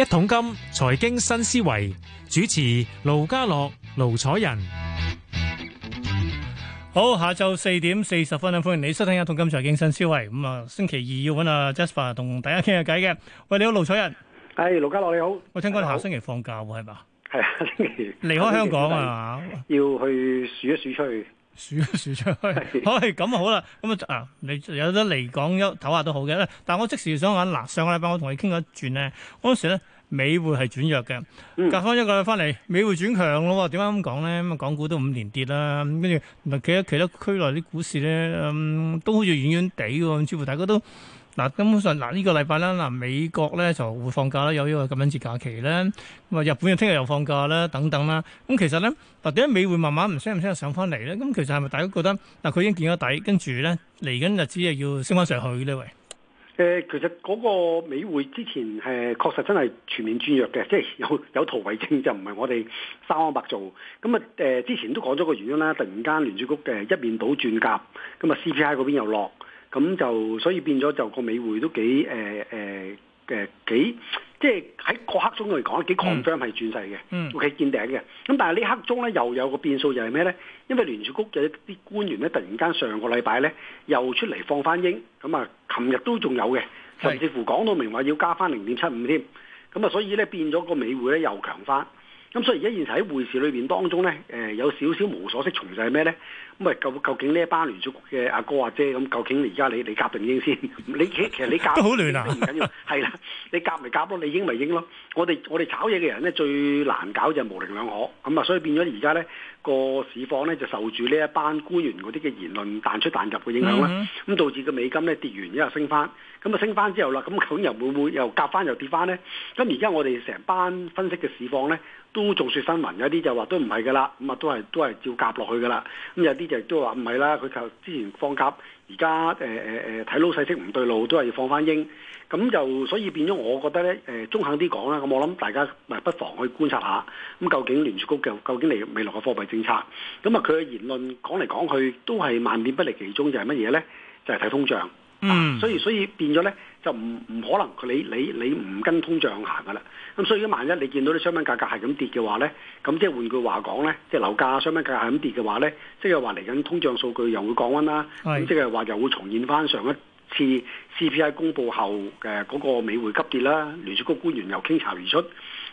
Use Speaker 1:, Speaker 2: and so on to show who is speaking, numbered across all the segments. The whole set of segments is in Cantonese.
Speaker 1: 一桶金財經新思維主持盧家樂、盧楚仁，好，下晝四點四十分啊，歡迎你收聽一桶金財經新思維。咁啊，星期二要揾阿 Jasper 同大家傾下偈嘅。喂，你好，盧楚仁。係盧家樂，你好。喂，聽講你下星期放假係嘛？係啊，星期
Speaker 2: 離開香港啊要去數一數出去。
Speaker 1: 輸都輸出去，係咁啊好啦。咁啊啊，你有得嚟講一唞下都好嘅，但係我即時想講，嗱上個禮拜我同你傾咗一轉咧，我嗰時咧美匯係轉弱嘅，隔翻一個禮拜嚟，美匯轉強咯，點解咁講咧？咁啊，港股都五連跌啦，跟住其實其他區內啲股市咧，嗯，都好似軟軟地喎，似乎大家都。嗱，根本上嗱呢個禮拜咧，嗱美國咧就會放假啦，有呢個感恩節假期啦。咁啊，日本又聽日又放假啦，等等啦。咁其實咧，嗱點解美匯慢慢唔聲唔聲上翻嚟咧？咁其實係咪大家覺得嗱佢已經見咗底，跟住咧嚟緊日子又要升翻上去呢？喂，
Speaker 2: 誒，其實嗰個美匯之前誒確實真係全面轉弱嘅，即係有有圖為證，就唔係我哋三鶯白做。咁啊誒，之前都講咗個原因啦。突然間聯儲局嘅一面倒轉鴿，咁啊 CPI 嗰邊又落。咁就所以變咗就個美匯都幾誒誒嘅幾，即係喺嗰刻中嚟講，幾 confirm 係轉勢嘅，OK 見頂嘅。咁、嗯、但係呢刻中咧又有個變數就係咩咧？因為聯儲局嘅啲官員咧突然間上個禮拜咧又出嚟放翻鷹。咁、嗯、啊，琴日都仲有嘅，甚至乎講到明話要加翻零點七五添。咁啊，所以咧變咗個美匯咧又強翻。咁、嗯、所以而家現實喺匯市裏邊當中咧，誒、呃、有少少無所適從就係咩咧？咁啊，究究竟呢一班聯儲嘅阿哥阿姐咁，究竟而家你你，你夾定應先？ 你其其實你夾都好亂啊，唔 緊要係啦，你夾咪夾咯，你應咪應咯。我哋我哋炒嘢嘅人咧最難搞就係模棱兩可咁啊、嗯，所以變咗而家咧個市況咧就受住呢一班官員嗰啲嘅言論彈出彈入嘅影響啦，咁、嗯嗯、導致個美金咧跌完又又之後升翻，咁啊升翻之後啦，咁究竟又會唔會又夾翻又跌翻咧？咁而家我哋成班分析嘅市況咧。都眾説紛紜，有啲就話都唔係噶啦，咁啊都係都係照夾落去噶啦，咁有啲就都話唔係啦，佢就之前放鴿，而家誒誒誒睇老細息唔對路，都係要放返鷹，咁就所以變咗，我覺得咧誒、呃、中肯啲講啦，咁我諗大家唔係不妨去觀察下，咁究竟聯儲局嘅究竟嚟未來嘅貨幣政策，咁啊佢嘅言論講嚟講去都係萬變不離其宗，就係乜嘢咧？就係睇通脹。嗯、mm.，所以所以變咗咧，就唔唔可能佢你你你唔跟通脹行噶啦。咁所以萬一你見到啲商品價格係咁跌嘅話咧，咁即係換句話講咧，即係樓價、商品價格係咁跌嘅話咧，即係話嚟緊通脹數據又會降溫啦。咁是即係話又會重現翻上一次 CPI 公佈後嘅嗰個美匯急跌啦，聯儲局官員又傾巢而出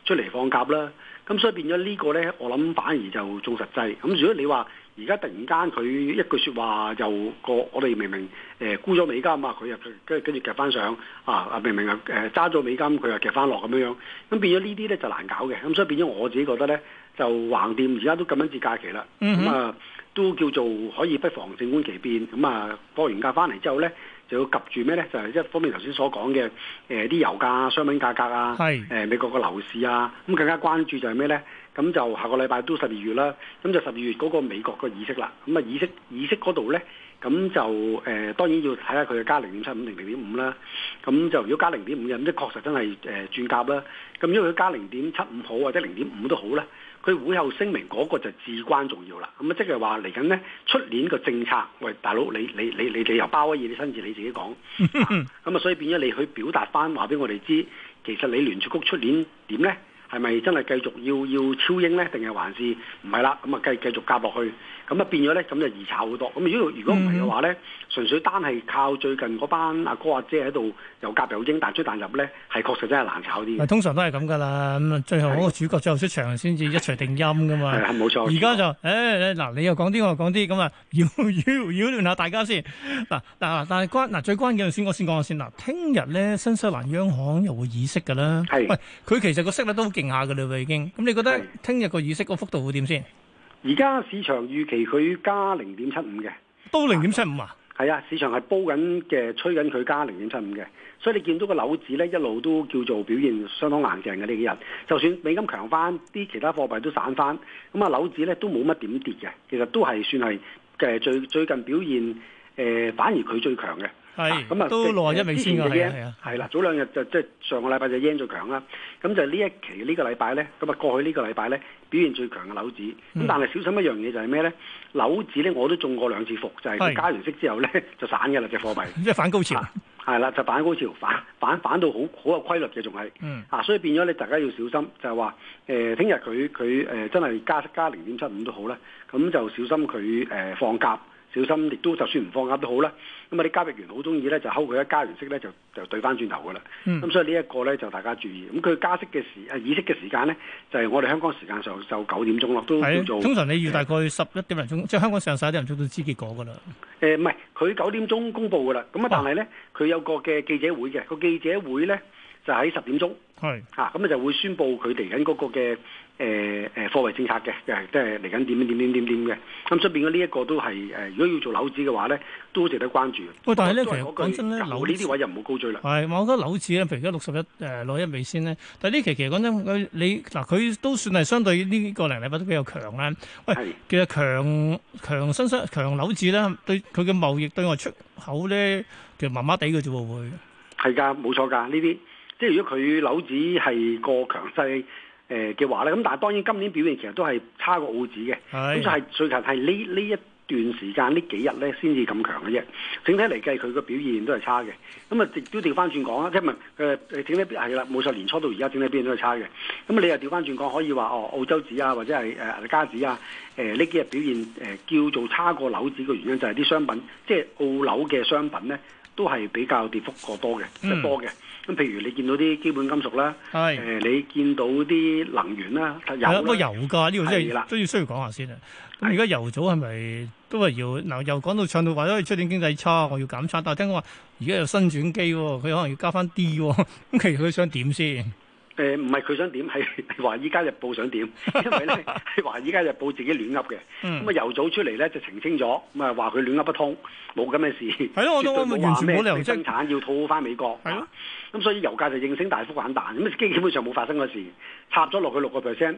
Speaker 2: 出嚟放鴿啦。咁所以變咗呢個咧，我諗反而就仲實際。咁如果你話，而家突然間佢一句説話就過我哋明明誒、呃、沽咗美金嘛，佢又跟住夾翻上啊，啊明明啊誒揸咗美金，佢又夾翻落咁樣樣，咁變咗呢啲咧就難搞嘅，咁所以變咗我自己覺得咧就橫掂而家都咁樣節假期啦，咁啊都叫做可以不妨靜觀其變，咁啊過完假翻嚟之後咧。就要及住咩呢？就係、是、一方面頭先所講嘅，誒啲油價商品價格啊，誒是、呃、美國個樓市啊，咁更加關注就係咩呢？咁就下個禮拜都十二月啦，咁就十二月嗰個美國個議息啦。咁啊議息議息嗰度呢，咁就誒、呃、當然要睇下佢嘅加零點七五、零零點五啦。咁就如果加零點五嘅，咁即係確實真係誒、呃、轉甲啦。咁如果佢加零點七五好，或者零點五都好咧。佢會後聲明嗰個就至關重要啦，咁啊即係話嚟緊呢，出年個政策，喂大佬你你你你你由包威爾，你親自你，你，你，你，你，你自己講，咁 啊所以變咗你去表達翻話俾我哋知，其實你聯儲局出年點呢？係咪真係繼續要要超英呢？定係還是唔係啦？咁啊繼繼續加落去。咁啊變咗咧，咁就易炒好多。咁如果如果唔係嘅話咧，mm hmm. 純粹單係靠最近嗰班阿哥阿姐喺度又夾又到但彈出彈入咧，係確實真係難炒啲。咪通
Speaker 1: 常都係咁㗎啦。咁啊，最後嗰個主角最後出場先至一錘定音㗎嘛。係冇錯。而家就，誒、欸、嗱，你又講啲，我又講啲，咁啊，擾擾擾亂下大家先。嗱嗱，但係關嗱最關鍵先，我先講下先嗱。聽日咧，新西蘭央行又會議息㗎啦。係是。喂，佢其實個息率都好勁下㗎啦，已經。咁你覺得聽日個議息個幅度會點先？
Speaker 2: 而家市場預期佢加零點七五嘅，
Speaker 1: 都零點七五啊，
Speaker 2: 係啊，市場係煲緊嘅，吹緊佢加零點七五嘅，所以你見到個紐紙咧一路都叫做表現相當硬淨嘅呢幾日，就算美金強翻，啲其他貨幣都散翻，咁啊紐紙咧都冇乜點跌嘅，其實都係算係嘅最最近表現誒、呃、反而佢最強嘅。
Speaker 1: 係，咁啊都來一位先嘅，係啊，係啦，
Speaker 2: 早兩日就即係上個禮拜就 yen 最強啦，咁就呢一期呢個禮拜咧，咁啊過去呢個禮拜咧表現最強嘅樓指。咁但係小心一樣嘢就係咩咧？樓指咧我都中過兩次伏，就係加完息之後咧就散嘅啦，隻貨幣，
Speaker 1: 即係反高潮，
Speaker 2: 係啦，就反高潮，反反反到好好有規律嘅仲係，啊，所以變咗你大家要小心，就係話誒聽日佢佢誒真係加加零點七五都好咧，咁就小心佢誒放鴿。小心，亦、嗯、都就算唔放鴨都好啦。咁啊，啲交易員好中意咧，就睺佢一加完息咧，就就對翻轉頭噶啦。咁、嗯啊、所以呢一個咧，就大家注意。咁佢加息嘅時啊，議息嘅時間咧，就係、是、我哋香港時間上就九點鐘咯。都，的都做通常
Speaker 1: 你要大概十一點零鐘，嗯、即係香港上十一點零鐘都知結果噶啦。
Speaker 2: 誒唔係，佢九點鐘公布噶啦。咁啊，但係咧，佢、哦、有個嘅記者會嘅個記者會咧。就喺十點鐘，係嚇咁啊就會宣佈佢嚟緊嗰個嘅誒誒貨幣政策嘅，誒即係嚟緊點點點點點嘅。咁出邊嘅呢一個都係誒，如果要做樓市嘅話咧，都值得關注。喂，但係咧，其實講真咧，樓呢啲位又唔好高追
Speaker 1: 啦。係，我覺得樓市咧，譬如而家六十一誒內一微先咧，但係呢期其實講真佢你嗱佢都算係相對呢個零利率都比較強啦。喂，其實強強新商強樓市咧，對佢嘅貿易對外出口咧，其實麻麻地嘅啫喎，會
Speaker 2: 係㗎，冇錯㗎，呢啲。即係如果佢樓指係過強勢誒嘅話咧，咁但係當然今年表現其實都係差過澳指嘅，咁就係最近係呢呢一段時間呢幾日咧先至咁強嘅啫。整體嚟計，佢嘅表現都係差嘅。咁、嗯、啊，亦都調翻轉講啦，即係問誒，整體係啦，冇、嗯、錯，年初到而家整體表現都係差嘅。咁你又調翻轉講，可以話哦，澳洲指啊，或者係誒加指啊，誒呢幾日表現誒叫做差過樓指嘅原因就係啲商品，即係澳樓嘅商品咧都係比較跌幅過多嘅，多嘅。咁譬如你，是、呃、你見到啲基本金屬啦，誒你見到啲能源啦，油，油價呢的個真
Speaker 1: 都要需要講下先啊！咁而家油組係咪都係要嗱？又講到唱到話，因、哎、為出年經濟差，我要減差。但係聽講話，而家有新轉機、哦，佢可能要加翻啲咁，其實佢想點先？
Speaker 2: 誒唔係佢想點，係話《華爾街日報》想點，因為咧係《話華爾街日報》自己亂噏嘅。咁啊、 嗯，由、嗯、早出嚟咧就澄清咗，咁啊話佢亂噏不通，冇咁嘅事。係咯、 嗯，我都我咪話咩生產要討好翻美國。係咯、嗯，咁、啊、所以油價就應聲大幅反彈。咁基本上冇發生過事，插咗落去六個 percent。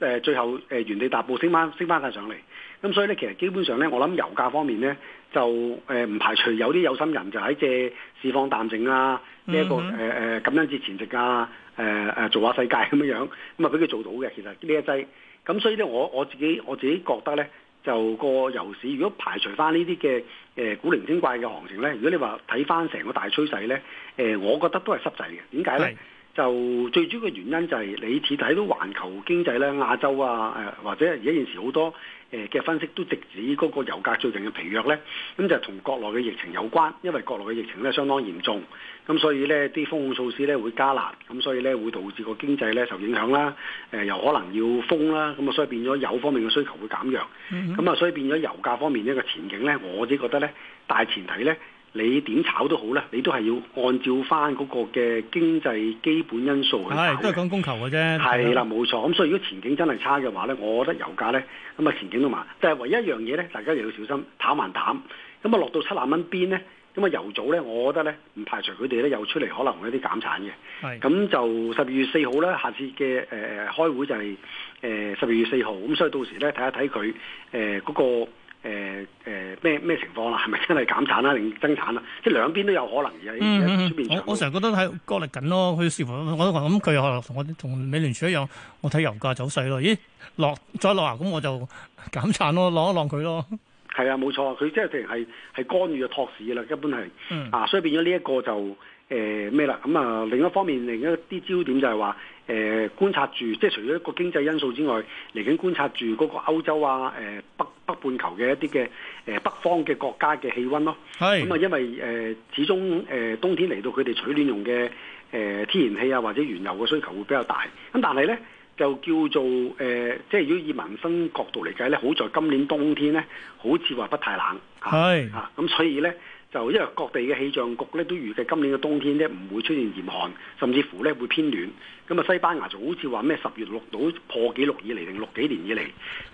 Speaker 2: 誒，最後誒原地踏步升翻升翻曬上嚟。咁所以咧，其實基本上咧，我諗油價方面咧就誒唔排除有啲有心人就喺借市況淡靜啊，呢一個誒誒感恩節前夕啊。嗯誒誒、呃，做下世界咁樣樣，咁啊俾佢做到嘅，其實呢一劑。咁所以咧，我我自己我自己覺得咧，就個遊市如果排除翻呢啲嘅誒古靈精怪嘅行情咧，如果你話睇翻成個大趨勢咧，誒、呃，我覺得都係濕滯嘅。點解咧？就最主要嘅原因就係你只睇到環球經濟咧，亞洲啊，誒或者而家現時好多誒嘅分析都直指嗰個油價最近嘅疲弱咧，咁就同國內嘅疫情有關，因為國內嘅疫情咧，相當嚴重，咁所以咧，啲防控措施咧會加難，咁所以咧會導致個經濟咧受影響啦，誒、呃、又可能要封啦，咁啊所以變咗油方面嘅需求會減弱，咁啊、mm hmm. 所以變咗油價方面一個前景咧，我自己覺得咧大前提咧。你點炒都好咧，你都係要按照翻嗰個嘅經濟基本因素去係都係
Speaker 1: 講供求嘅啫。係啦的，冇
Speaker 2: 的錯。咁所以如果前景真係差嘅話咧，我覺得油價咧咁啊前景都慢。但係唯一一樣嘢咧，大家又要小心，淡還淡，淡。咁、嗯、啊落到七萬蚊邊咧，咁、嗯、啊油組咧，我覺得咧唔排除佢哋咧又出嚟可能會一啲減產嘅。係的。咁就十二月四號咧，下次嘅誒誒開會就係誒十二月四號。咁所以到時咧睇一睇佢誒嗰個。誒誒咩咩情況啦、啊？係咪真係減產啦、啊，定增產啦、啊？即係兩邊都有可能。而喺出邊，
Speaker 1: 我成日覺得喺角力緊咯。佢似乎我都話咁，佢、嗯、又同我同美聯儲一樣，我睇油價走勢咯。咦，落再落啊！咁我就減產咯，落一落佢咯。
Speaker 2: 係啊，冇錯，佢即係成係係干預嘅托市啦，一般係啊，所以變咗呢一個就。誒咩、呃、啦？咁、嗯、啊，另一方面，另一啲焦點就係話，誒、呃、觀察住，即係除咗一個經濟因素之外，嚟緊觀察住嗰個歐洲啊，誒、呃、北北半球嘅一啲嘅誒北方嘅國家嘅氣溫咯。係咁啊，因為誒、呃、始終誒、呃、冬天嚟到佢哋取暖用嘅誒天然氣啊或者原油嘅需求會比較大。咁但係咧就叫做誒、呃，即係如果以民生角度嚟計咧，好在今年冬天咧，好似話不太冷。
Speaker 1: 係啊，
Speaker 2: 咁、啊嗯嗯、所以咧。就因為各地嘅氣象局咧都預計今年嘅冬天咧唔會出現嚴寒，甚至乎咧會偏暖。咁啊，西班牙就好似話咩十月六度破紀錄，以嚟定六幾年以嚟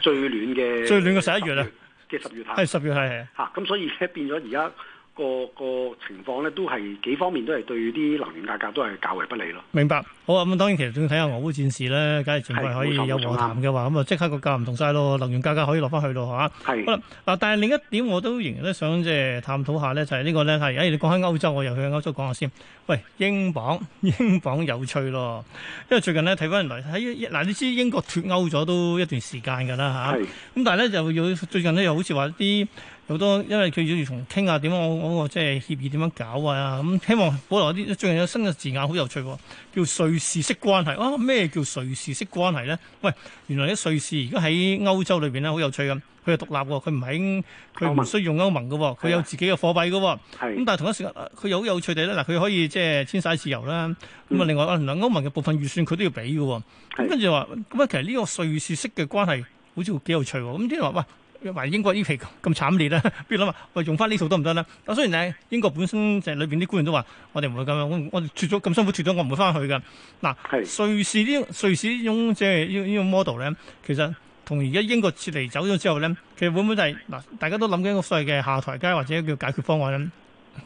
Speaker 2: 最暖嘅，最暖嘅十一月啊，即十月係，係十月係吓，咁所以咧變咗而家。個個情況咧，都係幾方面都係對啲能源價格都係較為不利咯。
Speaker 1: 明白，好啊咁、嗯，當然其實仲要睇下俄烏戰事咧，假如仲係可以有和談嘅話，咁啊即刻個價唔同晒咯，能源價格可以落翻去咯，係、啊、係。是好啦，嗱，但係另一點我都仍然都想即係探討下咧，就係、是、呢個咧係，哎，你講緊歐洲，我又去歐洲講下先。喂，英鎊，英鎊有趣咯，因為最近咧睇翻嚟喺嗱，你知英國脫歐咗都一段時間噶啦吓。咁、啊、是但係咧就要最近咧又好似話啲。好多，因為佢要要同傾下點樣，我嗰個即係協議點樣搞啊咁。希望保留一啲最近有新嘅字眼，好有趣喎、哦。叫瑞士式關係。哇、啊，咩叫瑞士式關係咧？喂，原來啲瑞士而家喺歐洲裏邊咧，好有趣嘅。佢係獨立喎，佢唔係，佢唔需要用歐盟嘅、哦，佢有自己嘅貨幣嘅、哦。係盟。咁但係同一時間，佢又好有趣地咧，嗱、啊、佢可以即係遷徙自由啦。咁啊，另外啊，嗱、嗯、歐盟嘅部分預算佢都要俾嘅、哦。咁、嗯、跟住話，咁啊，其實呢個瑞士式嘅關係好似幾有趣喎。咁啲人話，喂。喂埋英國依期咁慘烈啦， 不如諗下，喂用翻呢套得唔得啦？我雖然誒英國本身就係裏邊啲官員都話，我哋唔會咁，我我脱咗咁辛苦脱咗，我唔會翻去㗎。嗱是，瑞士呢瑞士呢種即係呢呢個 model 咧，其實同而家英國撤離走咗之後咧，其實會唔會都係嗱？大家都諗緊個所謂嘅下台階或者叫解決方案，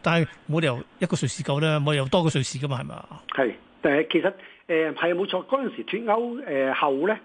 Speaker 1: 但係冇理由一個瑞士夠啦，冇理由多個瑞士噶嘛？係咪啊？
Speaker 2: 係，但係其實誒係冇錯，嗰陣時脱歐誒、呃、後咧。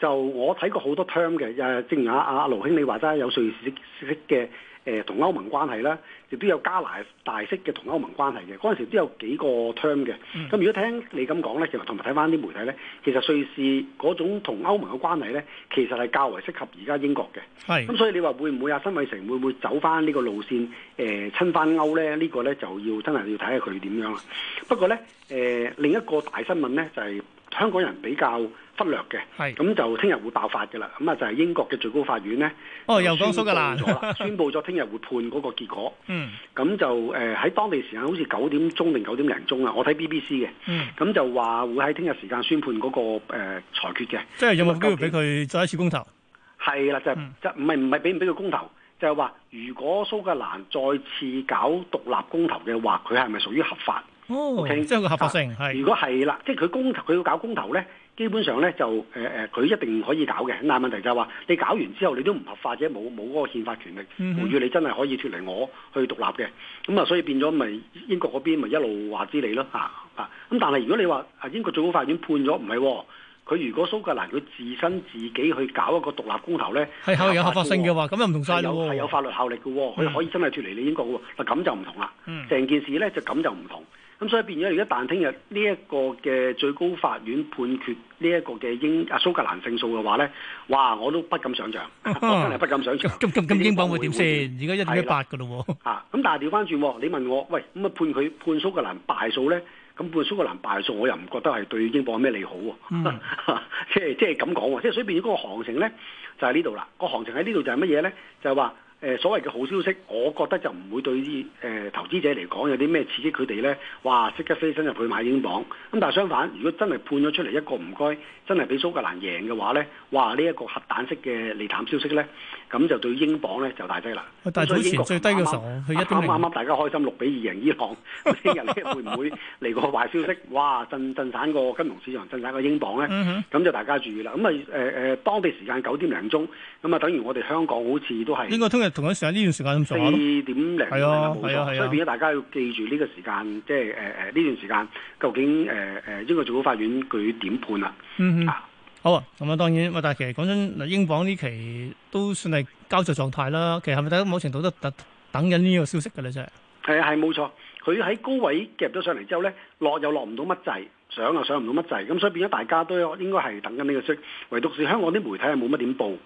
Speaker 2: 就我睇過好多 term 嘅，誒正如阿阿盧兄你話齋，有瑞士式嘅誒同歐盟關係啦，亦都有加拿大式嘅同歐盟關係嘅。嗰陣時都有幾個 term 嘅。咁、嗯、如果聽你咁講咧，其實同埋睇翻啲媒體咧，其實瑞士嗰種同歐盟嘅關係咧，其實係較為適合而家英國嘅。係咁，所以你話會唔會啊？辛偉誠會唔會走翻呢個路線？誒、呃、親翻歐咧？這個、呢個咧就要真係要睇下佢點樣啦。不過咧，誒、呃、另一個大新聞咧就係、是、香港人比較。分裂嘅，咁就聽日會爆發嘅啦。咁啊，就係英國嘅最高法院咧。哦，又講蘇格蘭，宣布咗，宣布咗聽日會判嗰個結果。嗯，咁就誒喺當地時間好似九點鐘定九點零鐘啊。我睇 BBC 嘅。嗯。咁就話會喺聽日時間宣判嗰個裁決嘅。
Speaker 1: 即係有冇機會俾佢再一次公投？
Speaker 2: 係啦，就就唔係唔係俾唔俾佢公投？就係話，如果蘇格蘭再次搞獨立公投嘅話，佢係咪屬於合法？哦，即
Speaker 1: 係個合法性係。如果
Speaker 2: 係啦，即係佢公投，佢要搞公投咧。基本上咧就誒誒，佢、呃、一定可以搞嘅，但係問題就係話你搞完之後，你都唔合法啫，冇冇嗰個憲法權力，無語、mm hmm. 你真係可以脫離我去獨立嘅，咁、嗯、啊，所以變咗咪英國嗰邊咪一路話之你咯啊啊！咁但係如果你話啊英國最高法院判咗唔係喎，佢如果蘇格蘭佢自身自己去搞一個獨立公投咧，係係有合法性嘅
Speaker 1: 喎，咁又唔同晒，喎，
Speaker 2: 係有法律效力嘅喎，佢、mm hmm. 可以真係脫離你英國喎，嗱咁就唔同啦，成件事咧就咁就唔同。咁、嗯、所以變咗，如果一旦聽日呢一個嘅最高法院判決呢一個嘅英啊蘇格蘭勝訴嘅話咧，哇！我都不敢想象，啊、我真係不敢想象。咁咁咁，英鎊會點先？而
Speaker 1: 家一點一八嘅咯喎。
Speaker 2: 咁、啊、但係調翻轉，你問我，喂，咁啊判佢判蘇格蘭敗訴咧？咁判蘇格蘭敗訴，我又唔覺得係對英鎊有咩利好
Speaker 1: 喎、
Speaker 2: 啊。即係即係咁講喎，即係 所以變咗嗰個行情咧，就喺呢度啦。嗰個行情喺、嗰個、呢度就係乜嘢咧？就係話。誒、呃、所謂嘅好消息，我覺得就唔會對啲誒、呃、投資者嚟講有啲咩刺激佢哋咧。哇！即刻飛身入去買英鎊。咁但係相反，如果真係判咗出嚟一個唔該，真係俾蘇格蘭贏嘅話咧，哇！呢一個核彈式嘅利淡消息咧，咁就對英鎊咧就大劑啦。
Speaker 1: 但係早前最低嘅時候，佢一啱啱
Speaker 2: 大家開心六比二贏伊朗，聽日咧會唔會嚟個壞消息？哇！震震散個金融市場，震散個英鎊咧，咁就大家注意啦。咁啊誒誒，當地時間九點零鐘，咁啊等於我哋香港好似都係應該
Speaker 1: 聽日同一時間呢段時間四點零
Speaker 2: 鐘嘅報道，所以變咗大家要記住呢個時間，即係誒誒呢段時間究竟誒誒英國最高法院佢點判啊？
Speaker 1: 嗯，好啊，咁、嗯、啊，當然，但係其實講真，嗱，英鎊呢期都算係膠著狀態啦。其實係咪喺某程度都等等緊呢個消息嘅咧？就
Speaker 2: 係係冇錯，佢喺高位夾咗上嚟之後咧，落又落唔到乜滯，上又上唔到乜滯，咁所以變咗大家都應該係等緊呢個消息。唯獨是香港啲媒體係冇乜點報。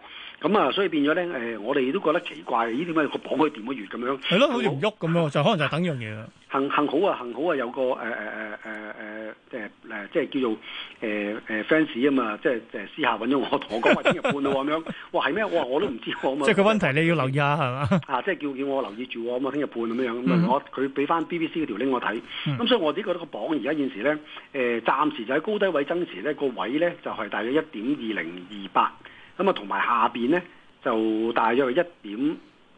Speaker 2: 咁啊，所以變咗咧，誒，我哋都覺得奇怪，依點解個榜佢以掂咗月咁樣？係咯，好似
Speaker 1: 唔喐咁咯，就可能就等樣嘢。
Speaker 2: 幸幸好啊，幸好啊，有個誒誒誒誒誒誒即係叫做誒誒 fans 啊嘛，即係私下揾咗我，同我講話聽日半咯咁樣。哇，係咩？我話我都唔知喎。即係個問
Speaker 1: 題，你要留意下係
Speaker 2: 嘛？啊，即係叫叫我留意住我咁啊，聽日半咁樣咁啊，我佢俾翻 BBC 嗰條 link 我睇。咁所以我只覺得個榜而家現時咧，誒，暫時就喺高低位增持呢，個位咧就係大約一點二零二八。咁啊，同埋下邊咧就大約一點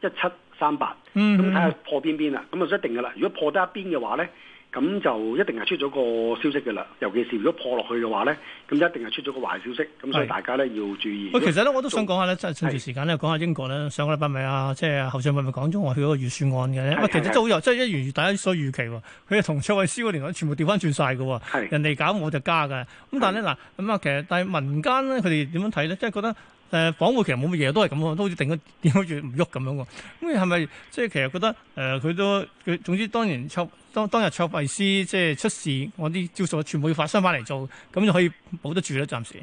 Speaker 2: 一七三八，嗯、hmm.，咁睇下破邊邊啦。咁啊，一定噶啦。如果破得一邊嘅話咧。咁就一定係出咗個消息嘅啦，尤其是如果破落去嘅話咧，咁一定係出咗個壞消息，咁所以大家咧的要注意。喂，其實咧我都想講
Speaker 1: 下咧，即係前段時間咧講下英國咧，上個禮拜咪啊，即係侯俊偉咪講咗我去嗰個預算案嘅咧。啊的，其實真係好有，的即係一如大家所預期喎，佢係同卓慧思嗰年全部調翻轉晒嘅喎。的人哋搞我就加嘅，咁的但係咧嗱咁啊，其實但係民間咧佢哋點樣睇咧，即係覺得誒、呃呃、鎊匯其實冇乜嘢，都係咁喎，都好似定咗吊住唔喐咁樣喎。咁係咪即係其實覺得誒佢都佢總之，總之當然當當日卓慧思即係出事，我啲招數全部要發生返嚟做，咁就可以保得住啦。暫時，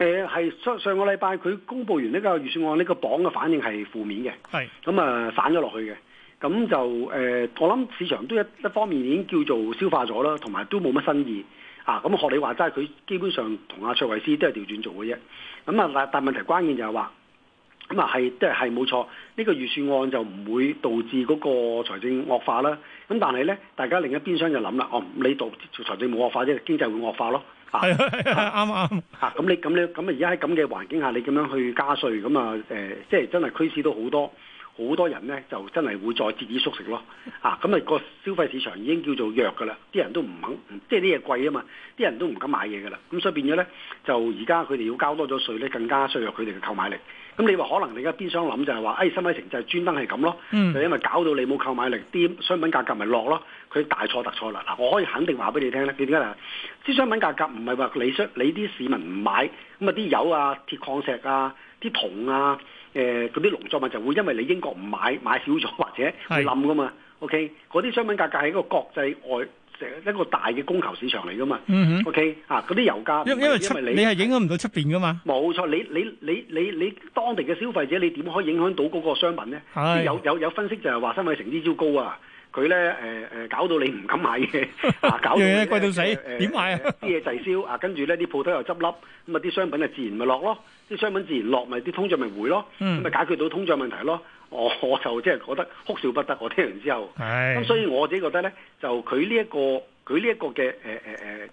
Speaker 2: 誒係上上個禮拜佢公佈完呢個預算案，呢、這個鎊嘅反應係負面嘅，係咁啊，散咗落去嘅。咁就誒、呃，我諗市場都一一方面已經叫做消化咗啦，同埋都冇乜新意啊。咁學你話齋，佢基本上同阿卓慧思都係調轉做嘅啫。咁啊，但但問題關鍵就係話咁啊，係即係係冇錯，呢、這個預算案就唔會導致嗰個財政惡化啦。咁但係咧，大家另一邊商就諗啦，哦，你做財政冇惡化啫，經濟會惡化咯，
Speaker 1: 啊，啱啱，
Speaker 2: 啊，咁你咁你咁啊，而家喺咁嘅環境下，你咁樣去加稅，咁啊，誒、呃，即係真係驅使到好多。好多人咧就真係會再節衣縮食咯，啊咁啊，嗯那個消費市場已經叫做弱噶啦，啲人都唔肯，即係啲嘢貴啊嘛，啲人都唔敢買嘢噶啦，咁，嗯、所以變咗咧就而家佢哋要交多咗稅咧，更加削弱佢哋嘅購買力。咁你話可能你而家邊商諗就係話，誒新米城就係專登係咁咯，就，嗯嗯、因為搞到你冇購買力，啲商品價格咪落咯，佢大錯特錯啦！嗱，我可以肯定話俾你聽咧，你點解啊？啲商品價格唔係話你需你啲市民唔買，咁啊，啲油啊、鐵礦石啊、啲銅啊。銅啊啊誒嗰啲農作物就會因為你英國唔買買少咗或者係冧噶嘛是，OK 嗰啲商品價格喺一個國際外成一個大嘅供求市場嚟噶嘛、嗯、哼，OK 啊嗰啲油價，因為因為出你係
Speaker 1: 影響唔到出邊噶嘛，冇
Speaker 2: 錯，你你你你你，你，你，你當地嘅消費者你點可以影響到嗰個商品咧是？有有有分析就係話生物成呢超高啊！佢咧誒誒搞到你唔敢買嘢啊！搞到你 貴到死，點買啊？啲嘢滯銷啊，跟住咧啲鋪頭又執笠，咁啊啲商品啊自然咪落咯，啲商品自然落咪啲通脹咪回咯，咁咪解決到通脹問題咯。 我就即係覺得哭笑不得，我聽完之後，
Speaker 1: 咁是所以
Speaker 2: 我自己覺得咧，就佢呢一個。佢呢一個嘅誒誒誒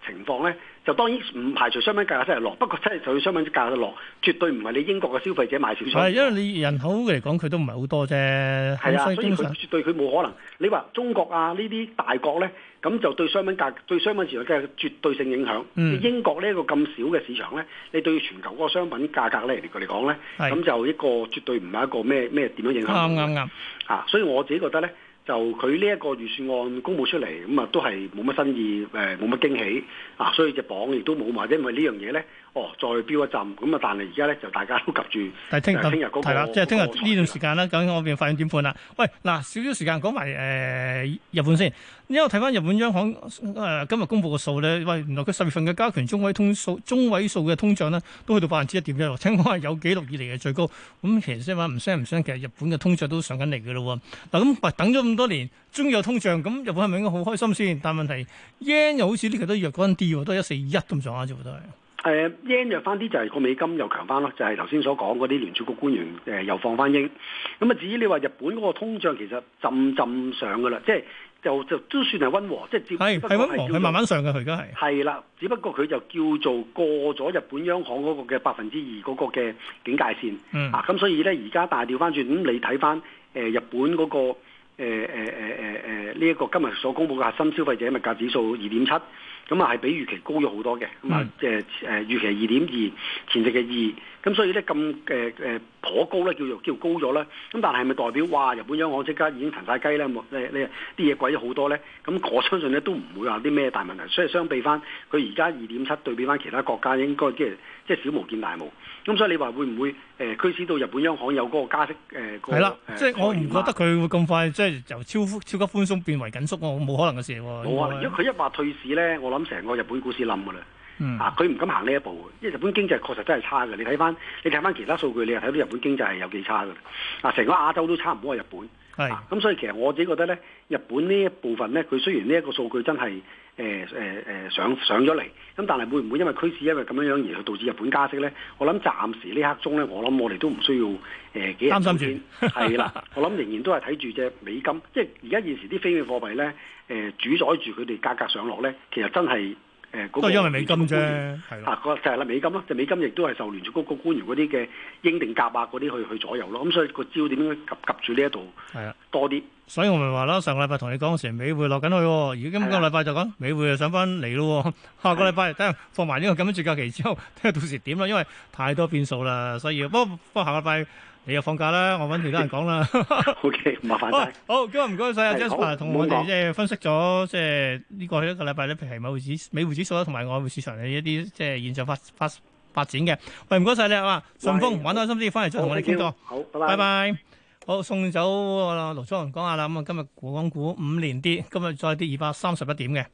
Speaker 2: 情況咧，就當然唔排除商品價格真係落，不過真係就算商品價格落，絕對唔係你英國嘅消費者買少。係因
Speaker 1: 為你人口嚟講，佢都唔係好多啫。係啊，所以佢絕
Speaker 2: 對佢冇可能。你話中國啊呢啲大國咧，咁就對商品價對商品市場嘅係絕對性影響。嗯，英國呢一個咁少嘅市場咧，你對全球嗰個商品價格咧嚟講咧，咁的就一個絕對唔係一個咩咩點樣影響。啱啱啱嚇，所以我自己覺得咧。就佢呢一個預算案公布出嚟，咁啊都係冇乜新意，誒，冇乜驚喜啊，所以只榜亦都冇，或者因為呢樣嘢咧。哦，再飆一陣咁啊！但係而家咧就大家都及住。但係聽日嗰個，嗯那個，即係聽日
Speaker 1: 呢段時間啦，究竟我邊反應點判啦？喂，嗱少少時間講埋誒、呃、日本先，因為我睇翻日本央行誒、呃、今日公布嘅數咧，喂，原來佢十月份嘅加權中位通數中位數嘅通脹咧都去到百分之一點一喎。聽講係有記錄以嚟嘅最高咁，其實即係話唔升唔升，其實日本嘅通脹都上緊嚟嘅咯喎。嗱，咁等咗咁多年終於有通脹，咁日本係咪應該好開心先？但係問題 yen 又好似呢期都弱翻啲喎，都一四一咁上下啫喎，都係。
Speaker 2: 誒，日圓弱翻啲就係個美金又強翻咯，就係頭先所講嗰啲聯儲局官員誒、呃、又放翻鷹。咁啊，至於你話日本嗰個通脹其實浸浸上噶啦，即係就就，就都算係溫和，即
Speaker 1: 係接。係溫和，你慢慢上嘅佢而家係。
Speaker 2: 係啦，只不過佢就叫做過咗日本央行嗰個嘅百分之二嗰個嘅警戒線。嗯、啊，咁所以咧，而家大係調翻轉，咁你睇翻誒日本嗰、嗰個誒誒、呃呃呃呢一個今日所公布嘅核心消費者物價指數二點七，咁啊係比預期高咗好多嘅，咁啊即係誒預期係二點二，前值係二，咁所以咧咁誒誒。頗高咧，叫做叫高咗啦，咁但係咪代表哇日本央行即刻已經騰晒雞咧？莫咧咧啲嘢貴咗好多咧？咁我相信咧都唔會話啲咩大問題，所以相比返佢而家二點七對比返其他國家應該即係即係小巫見大巫，咁所以你話會唔會誒、呃、驅使到日本央行有嗰個加息誒？係啦，即係我唔覺得佢
Speaker 1: 會咁快即係、就是、由超超級寬鬆變為緊縮喎，冇可能嘅事冇可能，呃、因為佢
Speaker 2: 一話退市咧，我諗成個日本股市冧㗎嘞。嗯、啊，佢唔敢行呢一步，因為日本經濟確實真係差嘅。你睇翻，你睇翻其他數據，你又睇到日本經濟係有幾差嘅。啊，成個亞洲都差唔多，日本。係是。咁、啊、所以其實我自己覺得咧，日本呢一部分咧，佢雖然呢一個數據真係誒誒誒上上咗嚟，咁但係會唔會因為驅市因為咁樣樣而導致日本加息咧？我諗暫時刻中呢刻鐘咧，我諗我哋都唔需要誒、呃、幾日擔心住。係 啦，我諗仍然都係睇住隻美金，即係而家現時啲非美貨幣咧誒、呃、主宰住佢哋價格上落咧，其實真係。都係因為美金
Speaker 1: 啫，係啦，啊，
Speaker 2: 就係啦，美金咯，就美金亦都係受聯儲局個官員嗰啲嘅鷹定鴿啊嗰啲去去左右咯，咁所以個焦點應該夾住呢一度
Speaker 1: 係啊多啲，所以我咪話啦，上個禮拜同你講時，美匯落緊去，而家今個禮拜就講美匯就上翻嚟咯，下個禮拜睇下放埋呢個咁樣注假期之後睇下到時點咯，因為太多變數啦，所以不過不過下個禮拜。你又放假啦，我揾其他人講啦。O、okay, K，麻煩、 哎。好，今日唔該晒阿 Jasper 同我哋即係分析咗即係呢過去一個禮拜咧，譬如係美匯指美匯指數啦，同埋外匯市場嘅一啲即係現象發發發展嘅。喂，唔該晒你啊，順風玩開心啲，翻嚟再同我哋傾過。好，好拜，拜，拜拜。好，送走盧楚仁講下啦。咁啊，今日港股五連跌，今日再跌二百三十一點嘅。